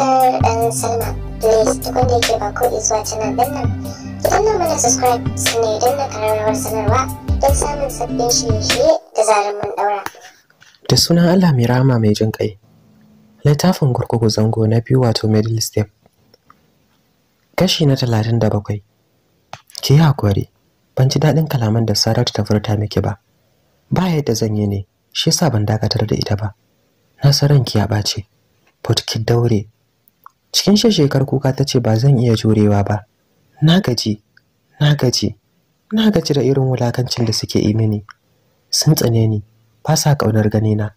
and sign up. da yake subscribe sanarwa don samun sabbin shirye da sunan Allah mai rahama mai jin kai. Littafin gurgugu zango na biyu wato middle step. Kashi na talatin da bakwai. Ki yi hakuri. Ban ji daɗin kalaman da Saratu ta furta miki ba. Ba yadda zan yi ne, shi yasa ban dakatar da ita ba. Nasarar ki ya ɓace. But ki daure cikin shekar kuka ta ce ba zan iya jurewa ba na gaji na gaji na gaji da irin wulakancin da suke yi mini sun tsane ni ba sa ƙaunar ganina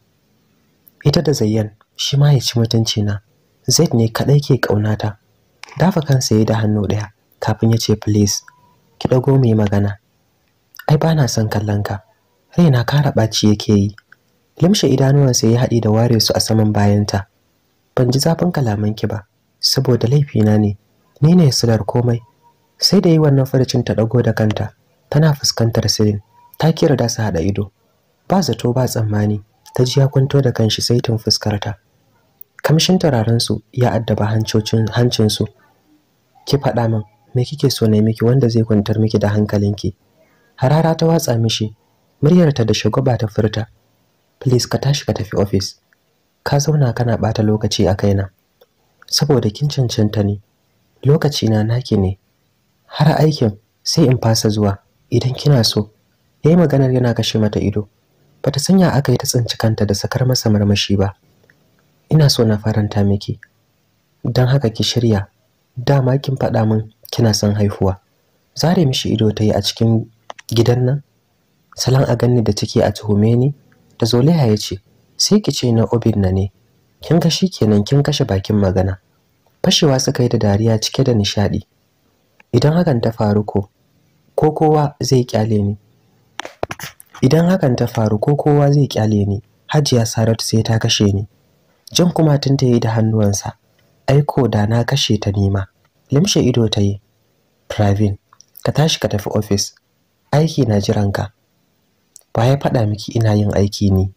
ita da zayyan shi ma ya ci mutunci na zaid ne kaɗai ke ƙaunata dafa kansa ya da hannu ɗaya kafin ya ce please ki ɗago mu yi magana ai ba na son kallon ka raina kara ɓaci yake yi limshe idanuwansa ya haɗi da ware su a saman bayanta ban ji zafin kalamanki ba saboda laifina ne ni ne sular komai sai da yi wannan farcin ta dago da kanta tana fuskantar sirin ta kira da su haɗa ido ba zato ba tsammani ta ji ya kwanto da kanshi sai saitin fuskarta kamshin su ya addaba hancinsu ki faɗa min me kike so ne miki wanda zai kwantar miki da hankalinki harara ta watsa mishi muryar ta da shagwaba ta furta please ka tashi ka tafi office ka zauna kana bata lokaci a kaina saboda kin cancanta ne lokaci na naki ne har aikin sai in fasa zuwa idan kina so yayi maganar yana kashe mata ido bata sanya aka yi ta tsinci kanta da sakar masa marmashi ba ina so na faranta miki dan haka ki shirya dama kin faɗa min kina son haihuwa zare mishi ido ta yi a cikin gidan nan salon a ganni da ciki a tuhume ni da zolaya ya ce sai ki ce na obin na ne kin kashi kenan kin kashe bakin magana fashewa suka yi da dariya cike da nishadi idan hakan ta faru ko kowa zai kyale ni idan hakan ta faru ko kowa zai kyale ni hajiya saratu sai ta kashe ni jan kuma tun ta yi da hannuwansa aiko da na kashe ta nema limshe ido ta yi pravin ka tashi ka tafi ofis aiki na jiranka ba ya faɗa miki ina yin aiki ne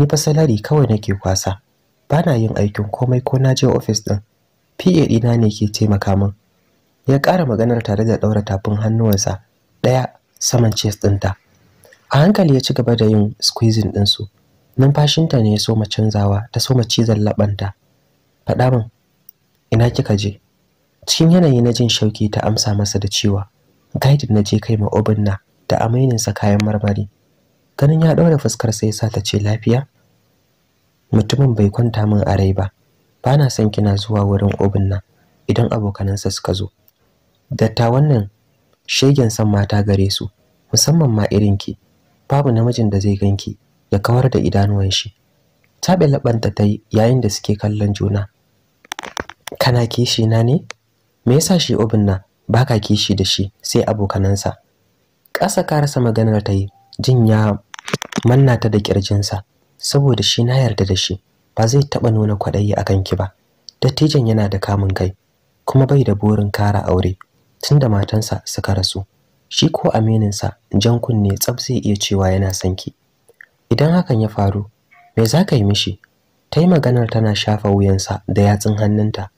ni fa salari kawai nake kwasa ba na yin aikin komai ko na je ofis ɗin PA ɗina ne ke taimaka min ya ƙara maganar tare da ɗaura tafin hannuwansa ɗaya saman chest ɗinta a hankali ya ci gaba da yin squeezing su numfashinta ne ya so soma canzawa ta soma cizon laɓanta faɗa min ina kika je cikin yanayi na jin shauki ta amsa masa da cewa guide na je kai ma obin na da sa kayan marmari ganin ya ɗaura fuskar sai sa ta ce lafiya mutumin bai kwanta min a rai ba ba na son kina zuwa wurin obin nan idan abokanansa suka zo Dattawannan wannan shegen san mata gare su musamman ma irinki babu namijin da zai ganki ya kawar da idanuwan shi bi labanta ta yi yayin da suke kallon juna kana kishi na ne me yasa shi obin nan baka kishi da shi sai abokanansa ƙasa ka rasa maganar ta yi jin ya manna ta da ƙirjinsa. saboda shi na yarda da shi ba zai taɓa nuna kwaɗayi a kanki ba dattijan yana da kamun kai kuma bai da burin kara aure tunda matansa suka rasu shi ko aminin sa jan kunne tsab zai iya cewa yana son ki idan hakan ya faru me za ka yi mishi ta yi maganar tana shafa wuyansa da yatsun hannunta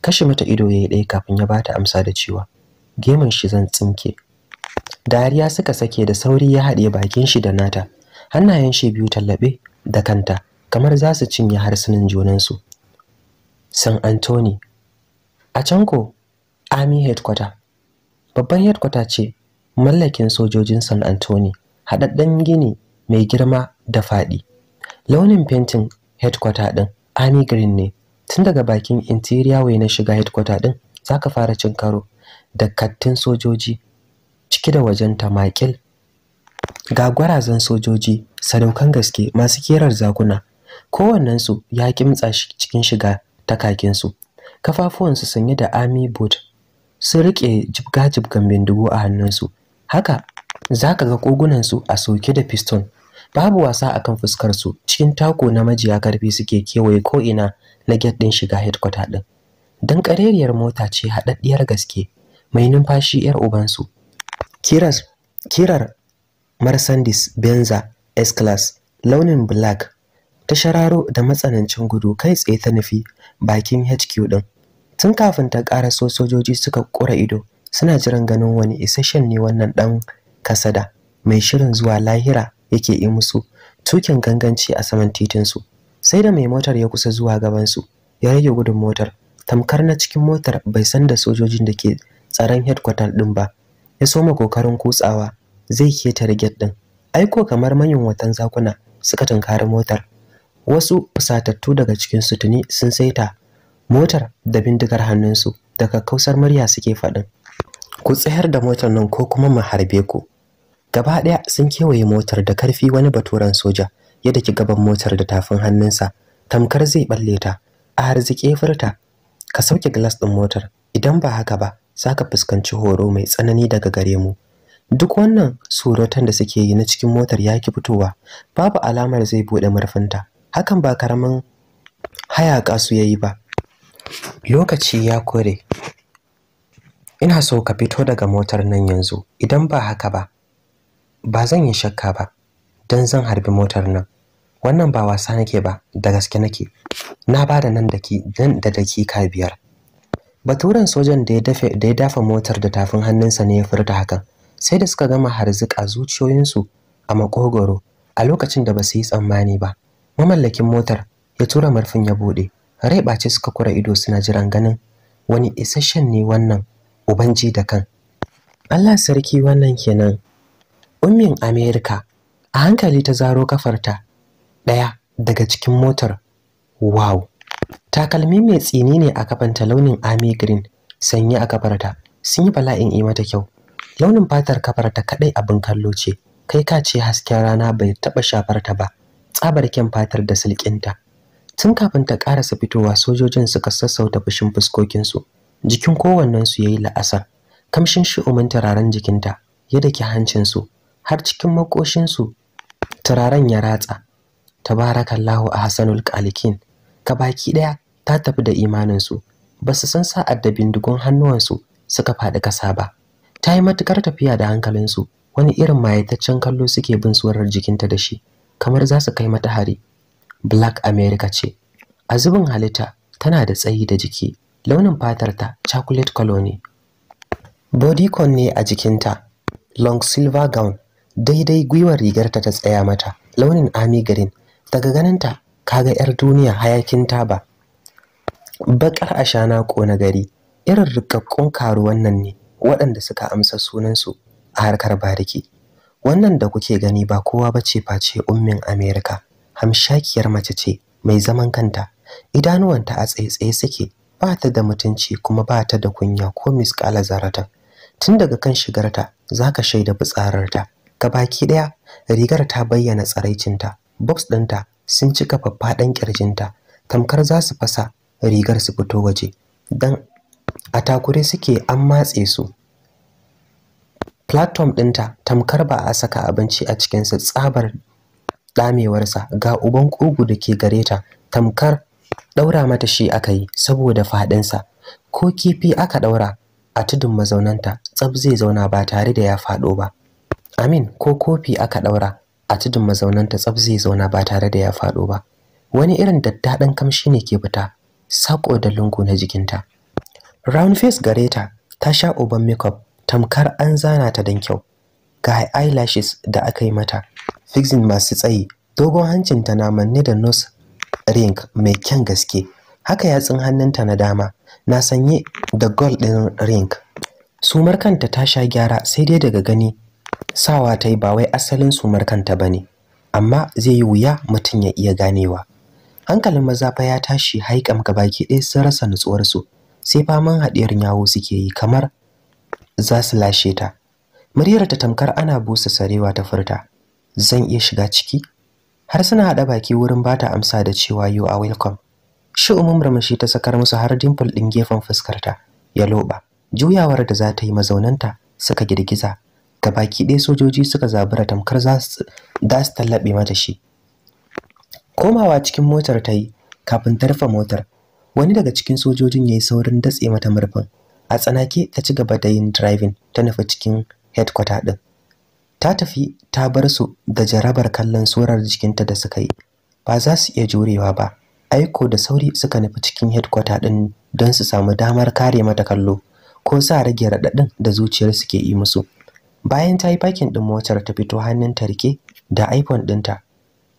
kashe mata ido ya yi ɗaya kafin ya bata amsa da cewa gemun shi zan tsinke dariya suka sake da sauri ya haɗe bakin shi da nata hannayen shi biyu tallaɓe da kanta kamar za su cinye harsunan junansu san antoni a can ko army headquarter babban headquarter ce mallakin sojojin san antoni haɗaɗɗen gini mai girma da faɗi launin fentin headquarter ɗin army green ne tun daga bakin interior way na shiga headquarter ɗin za ka fara cin karo da kattin sojoji ciki da wajen tamakil ga gwarazan sojoji sadaukan gaske masu kerar zakuna kowannensu ya kimtsa cikin shiga ta kakinsu kafafuwansu sanye da army boot sun riƙe jibga-jibgan bindigo a hannunsu haka za ka ga kogunansu a soke da piston babu wasa akan fuskarsu cikin tako na majiya karfi suke kewaye ko'ina na get ɗin shiga headquarter ɗin don ƙarerriyar mota ce haɗaɗɗiyar gaske mai numfashi 'yar ubansu kirar mercedes benza S-Class launin black ta shararo da matsanancin gudu kai tsaye ta nufi bakin HQ din. Tun kafin ta ƙara so sojoji suka ƙura ido suna jiran ganin wani isasshen ne wannan ɗan kasada mai shirin zuwa lahira yake yi musu tukin ganganci a saman titinsu. Sai da mai motar ya kusa zuwa gabansu ya rage gudun motar tamkar na cikin motar bai san da sojojin da ke tsaron headquarter ɗin ba ya soma kokarin kutsawa zai keta riget ɗin aiko kamar watan zakuna suka tunkari motar wasu fusatattu daga cikin sutuni sun saita motar da bindigar hannunsu daga kausar murya suke faɗin ku tsayar da motar nan ko kuma mu harbe ku gaba ɗaya sun kewaye motar da karfi wani baturen soja ya daki gaban motar da tafin hannunsa tamkar zai balle ta a harzike furta ka sauke glass ɗin motar idan ba haka ba za ka fuskanci horo mai tsanani daga gare mu duk wannan suratan da suke yi na cikin motar ya ki fitowa babu alamar zai buɗe murfinta hakan ba karamin hayaka su yayi ba lokaci ya kore ina so ka fito daga motar nan yanzu idan ba haka ba ba zan yi shakka ba don zan harbi motar nan wannan ba wasa nake ba da gaske nake na ba da nan da dakika biyar baturen sojan da ya dafa motar da tafin hannunsa ne ya furta hakan sai da suka gama harzuka zuciyoyinsu a makogoro a lokacin da ba su yi tsammani ba mamallakin motar ya tura marfin ya bude rai ɓace suka kura ido suna jiran ganin wani isasshen ne wannan ubanji da kan Allah sarki wannan kenan ummin Amerika a hankali ta zaro kafarta ɗaya daga cikin motar wow takalmi mai tsini ne a kafanta launin army green sanye a kafarta sun yi bala'in yi mata kyau launin fatar kafar ta kadai abin kallo ce kai ka ce hasken rana bai taba shafar ta ba tsabar kyan fatar da silkinta tun kafin ta karasa fitowa sojojin suka sassauta fushin fuskokinsu jikin kowannen ya yi la'asar kamshin shi'umin turaren jikinta ya hancin hancinsu har cikin makoshinsu turaren ya ratsa tabarakallahu a Hassanulkalikin, ka baki ɗaya ta tafi da imaninsu ba su san sa'ad da bindigun hannuwansu suka faɗi ƙasa ba ta yi matukar tafiya da hankalinsu wani irin mayataccen kallo suke bin tsorar jikinta da shi kamar za su kai mata hari black america ce a zubin halitta tana da tsayi da jiki launin fatarta chocolate color ne bodycon ne a jikinta long silver gown daidai gwiwar rigarta ta tsaya mata launin army green daga ganinta kaga yar duniya hayakin taba Baƙar ashana na gari irin rikakkun karuwan nan ne waɗanda suka amsa sunansu a harkar bariki wannan da kuke gani ba kowa ba ce face ummin america hamshakiyar mace ce mai zaman kanta idanuwanta a tsaye-tsaye suke ba ta da mutunci kuma ba ta da kunya ko miskala zarata tun daga kan shigarta za ka shaida Ka baki ɗaya rigar ta bayyana tsaraicinta box ɗinta sun cika faffaɗan ƙirjinta tamkar za su fasa rigar su fito waje don a takure suke an matse su platform ɗinta tamkar ba a saka abinci a cikinsa tsabar ɗamewarsa ga uban ƙugu da ke gare tamkar ɗaura mata shi aka yi saboda faɗinsa ko kifi aka ɗaura a tudun mazaunanta tsab zai zauna ba tare da ya faɗo ba amin ko kofi aka ɗaura a tudun mazaunanta tsab zai zauna ba tare da ya faɗo ba wani irin daddaɗan kamshi ne ke fita saƙo da lungu na jikinta round face gareta ta ta sha uban makeup tamkar an zana ta don kyau ga eyelashes da aka yi mata fixing masu tsayi dogon hancinta na manne da nose ring mai kyan gaske haka yatsun hannunta na dama na sanye da gold ɗin ring sumar kanta ta sha gyara sai dai daga gani sawa ta yi ba wai asalin sumar kanta ba ne amma zai yi wuya mutum ya iya ganewa hankalin maza fa ya tashi haikam gabaki ɗaya sun rasa nutsuwarsu sai faman haɗiyar yawo suke yi kamar za su lashe ta muryar ta tamkar ana busa sarewa ta furta zan iya shiga ciki har suna haɗa baki wurin bata amsa da cewa you are welcome shi umum murmushi ta sakar musu har dimple din gefen fuskarta ya loba juyawar da za ta yi mazaunanta suka girgiza ga baki ɗaya sojoji suka zabura tamkar za su tallaɓe mata shi komawa cikin motar ta yi kafin rufe motar wani daga cikin sojojin ya yi saurin datse mata murfin a tsanake ta ci gaba da yin driving ta nufi cikin headquarter din ta tafi ta bar su da jarabar kallon surar jikinta da suka yi ba za su iya jurewa ba aiko da sauri suka nufi cikin headquarter din don su samu damar kare mata kallo ko sa rage raɗaɗin da zuciyar su ke yi musu bayan ta yi parking ɗin motar ta fito hannun ta rike da iphone dinta.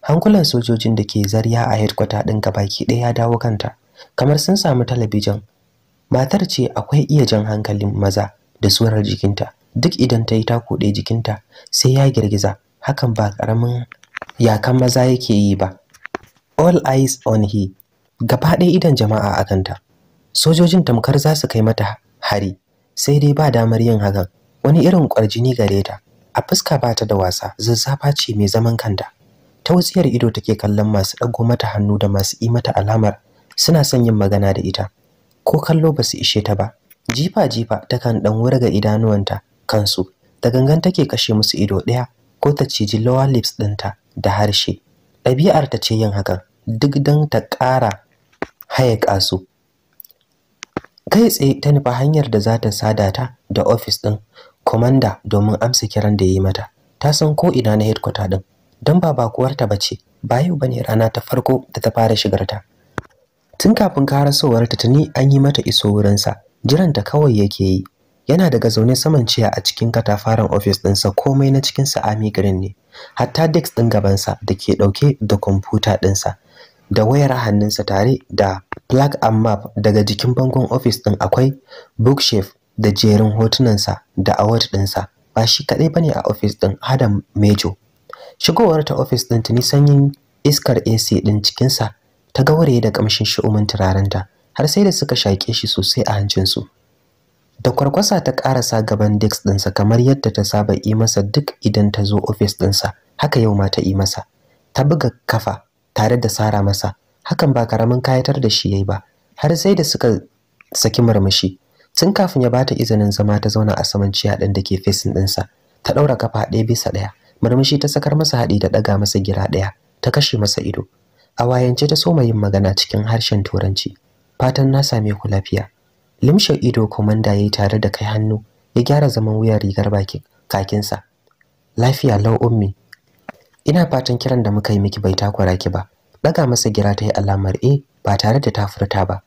hankulan sojojin da ke zariya a headquarter ɗin gabaki ɗaya ya dawo kanta kamar sun samu talabijin matar ce akwai iya jan hankalin maza da surar jikinta duk idan ta yi tako ɗaya jikinta sai ya girgiza hakan ba ƙaramin yakan maza yake yi ba all eyes on he gaba ɗaya idan jama'a a kanta sojojin tamkar za su kai mata hari sai dai ba damar yin hakan wani irin ƙwarjini gare ta a fuska ba ta da wasa zazzafa ce mai zaman kanta ta wutsiyar ido take kallon masu ɗago mata hannu da masu yi mata alamar suna son yin magana da ita ko kallo ba su ishe ta ba jifa jifa takan ɗan wurga idanuwanta kansu da gangan take kashe musu ido ɗaya ko ta ciji lower lips ɗinta da harshe ɗabi'ar ta ce yin hakan duk don ta ƙara hayaƙa su kai tsaye ta nufa hanyar da za ta sada ta da ofis ɗin komanda domin amsa kiran da yi mata ta san ko ina na headquarter ɗin don ba bakuwarta ba ce ba yau bane rana ta farko da ta fara shigarta tun kafin karasowar ta tuni an yi mata iso wurinsa jiranta kawai yake yi yana daga zaune saman ciya a cikin katafaren ofis ɗinsa komai na cikin sa ami green ne hatta dex ɗin gabansa da ke ɗauke da kwamfuta ɗinsa da wayar hannunsa tare da plug and map daga jikin bangon ofis ɗin akwai bookshelf da jerin hotunansa da award ɗinsa ba shi kaɗai bane a ofis ɗin adam mejo shigowar ta ofis ɗin tuni sanyin iskar ac ɗin cikinsa ta gauraye da kamshin shi'umin ta, har sai da suka shaƙe shi sosai a hancinsu da kwarkwasa ta ƙarasa gaban dex ɗinsa kamar yadda ta saba yi masa duk idan ta zo ofis ɗinsa haka yau ma ta yi masa ta buga kafa tare da sara masa hakan ba karamin kayatar da shi yayi ba har sai da suka saki murmushi tun kafin ya bata izinin zama ta zauna a saman ciya ɗin da ke fesin ɗinsa ta ɗaura kafa ɗaya bisa ɗaya murmushi ta sakar masa haɗi da ɗaga masa gira ɗaya ta kashe masa ido A wayance ta soma yin magana cikin harshen Turanci. Fatan na same ku lafiya. Limshe ido komanda yayi tare da kai hannu ya gyara zaman wuyar rigar bakin kakinsa. Lafiya lau ummi. Ina fatan kiran da muka yi miki bai takura ki ba. Daga masa gira ta yi alamar E ba tare da ta furta ba.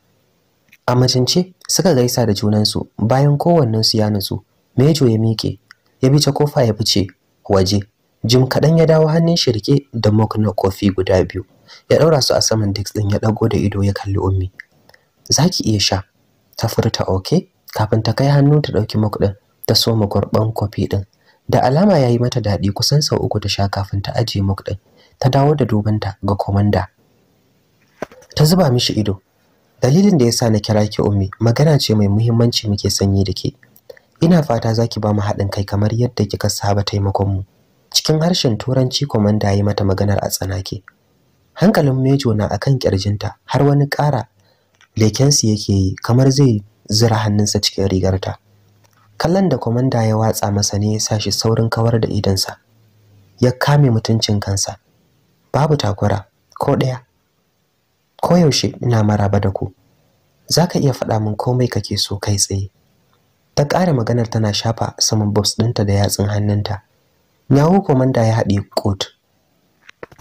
A majince suka gaisa da junansu bayan kowannen su ya nutsu. Mejo ya mike, ya bi ta kofa ya fice waje. Jim kaɗan ya dawo hannun shirke da mok na kofi guda biyu. ya ɗaura su a saman disk ɗin ya ɗago da ido ya kalli ummi zaki iya sha ta furta oke kafin ta kai hannu ta ɗauki mok ta soma gurɓan kwafi ɗin da alama ya yi mata daɗi kusan sau uku ta sha kafin ta ajiye mok ta dawo da dubanta ga komanda ta zuba mishi ido dalilin da yasa na kira ki ummi magana ce mai muhimmanci muke sanyi da ke ina fata zaki ki ba mu haɗin kai kamar yadda kika saba taimakon mu cikin harshen turanci komanda ya mata maganar a tsanake hankalin mejo na akan kirjinta har wani ƙara lekensu yake yi kamar zai zira hannunsa cikin rigarta kallon da kwamanda ya watsa masa ne ya sa shi saurin kawar da idonsa ya kame mutuncin kansa babu takura ko ɗaya koyaushe ina maraba da ku za ka iya faɗa min komai kake so kai tsaye ta ƙara maganar tana shafa saman bobs ɗinta da yatsun hannunta yawo komanda ya haɗe kotu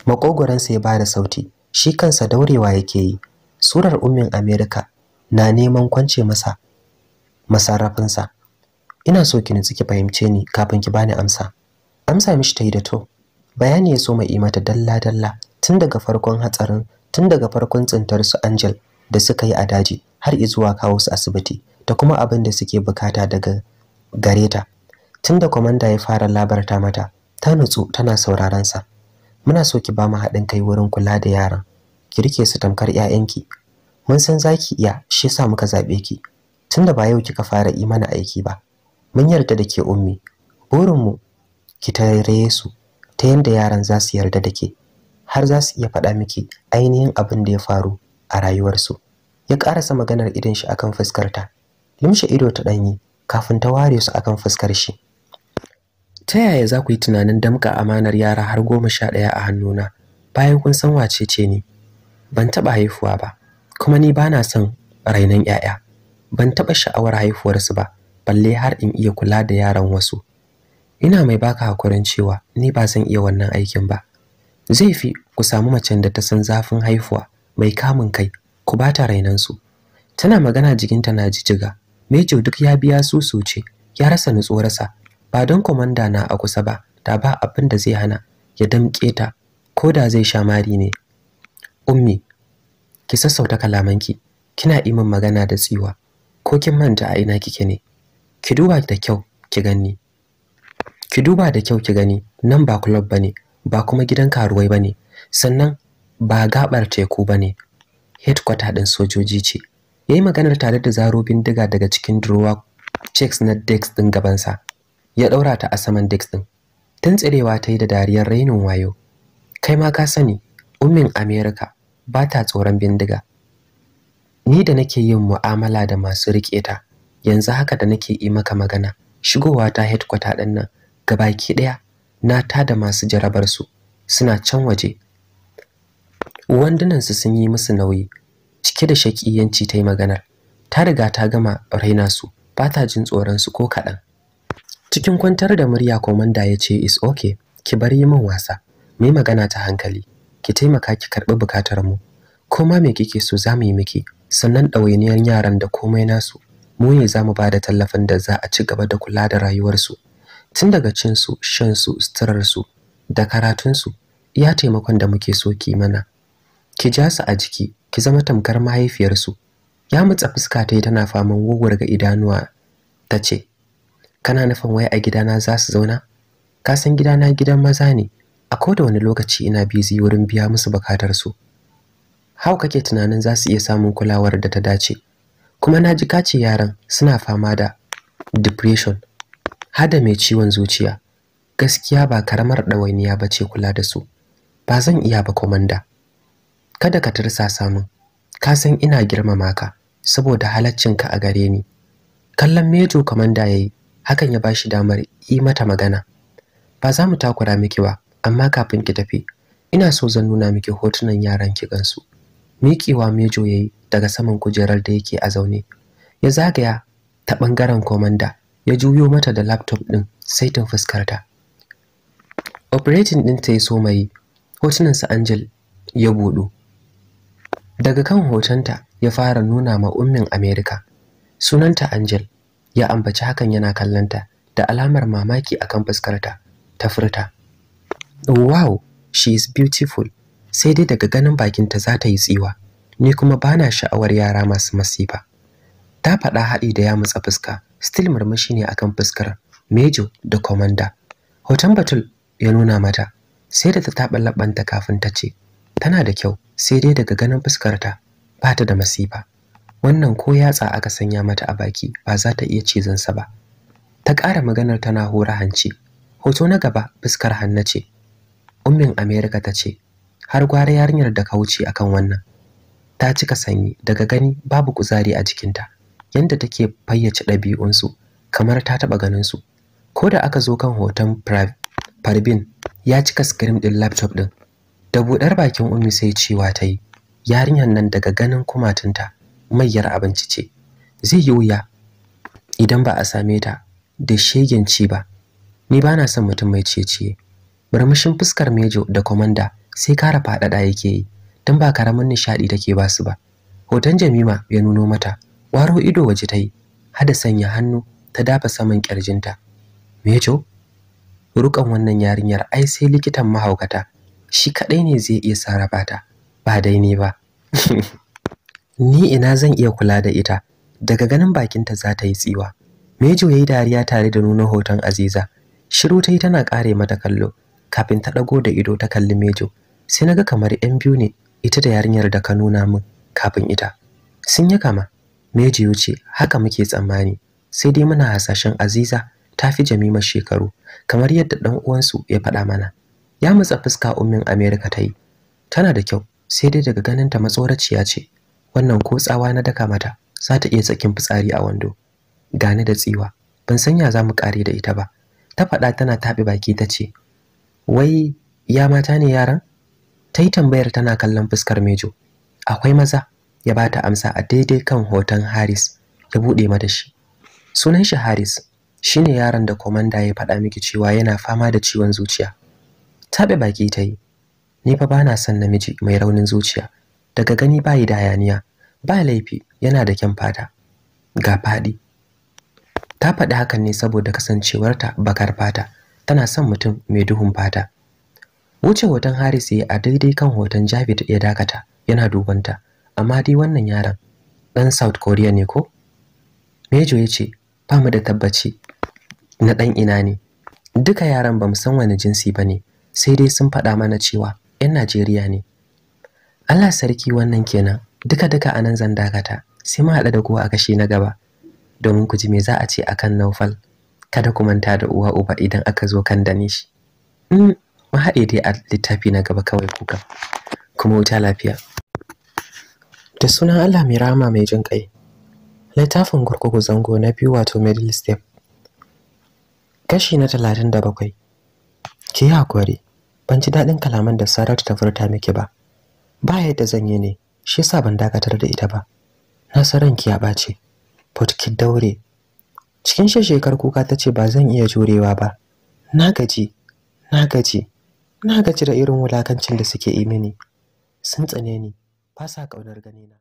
makogoransa ya bada sauti shi kansa daurewa yake yi surar ummin Amerika na neman kwance masa masarrafinsa ina so ki nutsi ki fahimce ni kafin ki bani amsa amsa mishi ta yi da to bayani ya so mai mata dalla dalla tun daga farkon hatsarin tun daga farkon tsintar su Angel da suka yi a daji har izuwa kawo su asibiti da kuma abin da suke bukata daga gareta tun da kwamanda ya fara labarta mata ta nutsu tana sauraron sa muna so ki ba mu haɗin kai wurin kula da yaran ki rike su tamkar 'ya'yanki mun san zaki iya shi yasa muka zaɓe ki tunda ba yau kika fara yi mana aiki ba mun yarda da ke ummi burinmu ki tare su ta yanda yaran za su yarda da ke har za su iya faɗa miki ainihin abin da ya faru a rayuwarsu ya ƙarasa maganar idan shi akan fuskarta limshe ido ta ɗanyi kafin ta ware su akan fuskar shi ta yaya za ku yi tunanin damka amanar yara har goma sha ɗaya a hannuna bayan kun san wacece ce ni ban taɓa haifuwa ba kuma ni ba na son rainon 'ya'ya ban taɓa sha'awar haifuwarsu ba balle har in iya kula da yaran wasu ina mai baka hakurin cewa ni ba zan iya wannan aikin ba zai fi ku samu macen da ta san zafin haihuwa mai kamun kai ku ba ta su. tana magana jikinta na jijjiga mejo duk ya biya su ce, ya rasa nutsuwarsa ba don kwamanda na a kusa ba da ba abin da zai hana ya damƙe ta ko da zai sha mari ne ummi ki sassauta kalamanki kina iman magana da tsiwa ko kin manta a ina kike ne ki duba da kyau ki gani ki duba da kyau ki gani nan ba club bane ba kuma gidan karuwai bane sannan ba gabar teku bane headquarter din sojoji ce yayi maganar tare da zaro bindiga daga cikin drawer checks na desk din gabansa ya ɗaura ta a saman dix ɗin tun tsirewa ta yi da dariyar rainin wayo kai ma ka sani ummin america ba ta tsoron bindiga ni da nake yin mu'amala da masu riƙe ta yanzu haka da nake yi maka magana shigowa ta headquarter ɗin nan baki ɗaya na ta da masu jarabar su suna can waje wandunan su sun yi musu nauyi cike da shakiyanci ta yi maganar ta riga ta gama raina su ba ta jin tsoron su ko kaɗan Cikin kwantar da murya komanda ya ce is okay, ki bari min wasa. Mu magana ta hankali. Ki taimaka ki karɓi bukatar mu. Ko ma me kike so za mu yi miki, sannan ɗawainiyar yaran da komai nasu. Mu ne za mu ba da tallafin da za a ci gaba da kula da rayuwarsu. Tun daga cinsu, shansu, suturarsu, da karatunsu, ya taimakon da muke so ki mana. Ki ja su a jiki, ki zama tamkar mahaifiyarsu. Ya mutsa fuska ta yi tana faman ga idanuwa ta ce, kana nufin wai a gidana za su zauna ka san gidana gidan maza ne a da wani lokaci ina busy wurin biya musu bukatar su hau kake tunanin za su iya samun kulawar da ta dace kuma na ji kace yaran suna fama da depression hada mai ciwon zuciya gaskiya ba karamar ɗawainiya ba ce kula da su ba zan iya ba komanda kada ka tursa samun ka san ina girmama ka saboda halaccinka a gare ni kallon mejo komanda ya yi hakan ya ba shi damar yi mata magana ba za mu takura miki ba amma kafin ki tafi ina so zan nuna miki hotunan yaran ki gansu miƙewa mejo yi daga saman kujerar da yake a zaune ya zagaya ta ɓangaren komanda ya juyo mata da laptop ɗin saitin fuskarta operating ɗin ta yi so hotunan sa angel ya buɗu daga kan hotonta ya fara nuna ma ummin america sunanta angel ya ambaci hakan yana kallanta da alamar mamaki akan fuskarta ta furta wow she is beautiful sai dai daga ganin bakinta za ta yi tsiwa ni kuma bana sha'awar yara masu masifa ta faɗa haɗi da ya mutsa fuska still murmushi ne akan fuskar mejo da Commander. hoton batul ya nuna mata sai da ta taɓa labanta kafin ta ce tana da kyau sai dai daga ganin fuskarta ba ta da masifa wannan ko yatsa aka sanya mata a baki ba za ta iya cizon sa ba ta ƙara maganar tana hora hanci hoto na gaba fuskar hanna ce ummin america ta ce har gwara yarinyar da ka wuce akan wannan ta cika sanyi daga gani babu kuzari a jikinta yanda take fayyace ɗabi'unsu kamar ta taɓa ganinsu ko da aka zo kan hoton farbin ya cika screen ɗin laptop ɗin da buɗar bakin ummi sai cewa ta yi yarinyar nan daga ganin kumatunta mayyar abinci ce zai yi wuya idan ba a same ta da shegen ci ba ni ba na son mutum mai ciye-ciye murmushin fuskar mejo da komanda sai kara faɗaɗa yake yi don ba karamin nishaɗi take ba su ba hoton jamima ya nuno mata waro ido waje ta yi hada sanya hannu ta dafa saman ƙirjinta mejo rukan wannan yarinyar ai sai likitan mahaukata shi kaɗai ne zai iya sarrafa ta ba dai ne ba ni ina zan iya kula da ita daga ganin bakinta za ta yi tsiwa mejo yayi dariya tare da nuna hoton aziza shiru ta yi tana kare mata kallo kafin ta ɗago da ido ta kalli mejo sai naga kamar yan biyu ne ita da yarinyar da ka nuna min kafin ita sun yi kama mejo ya ce haka muke tsammani sai dai muna hasashen aziza ta fi jamima shekaru kamar yadda dan uwansu ya faɗa mana ya matsa fuska ummin amerika ta yi tana da kyau sai dai daga ganinta matsoraciya ce wannan ko tsawa na daka mata za ta iya tsakin fitsari a wando Gane da tsiwa ban san ya za mu kare da ita ba ta faɗa tana taɓe baki ta ce wai ya mata ne yaran ta yi tambayar tana kallon fuskar mejo akwai maza ya ba ta amsa a daidai kan hoton haris ya buɗe mata shi sunan shi haris shine yaron da komanda ya faɗa miki cewa yana fama da ciwon zuciya taɓe baki ta yi ni fa bana son namiji mai raunin zuciya daga gani ba yi da hayaniya ba laifi yana da kyan fata ga faɗi ta faɗi hakan ne saboda kasancewarta bakar fata tana son mutum mai duhun fata wuce hoton haris ya a daidai kan hoton javid ya dakata yana dubanta amma dai wannan yaron ɗan south korea ne ko mejo ya ce ba mu da tabbaci na ɗan ina ne duka yaran ba mu san wani jinsi ba ne sai dai sun faɗa mana cewa 'yan najeriya ne Allah sarki wannan kenan duka duka nan zan dakata sai mu haɗu da kowa a kashi na gaba domin ku ji me za a ce akan Naufal kada ku manta da uwa uba idan aka zo kan dane shi mm mu haɗe dai a littafi na gaba kawai kuka kuma wuta lafiya da sunan Allah mai rahama mai jin kai littafin gurgugu zango na biyu wato middle step kashi na 37 ki hakuri ban ci dadin kalaman da Saratu ta furta miki ba ba yadda zan yi ne shi yasa ban dakatar da ita ba na san ranki ya bace, fotki daure cikin shekar kuka ta ce ba zan iya jurewa ba na gaji na gaji na gaji da irin wulakancin da suke yi mini sun tsane ni ba sa gani ganina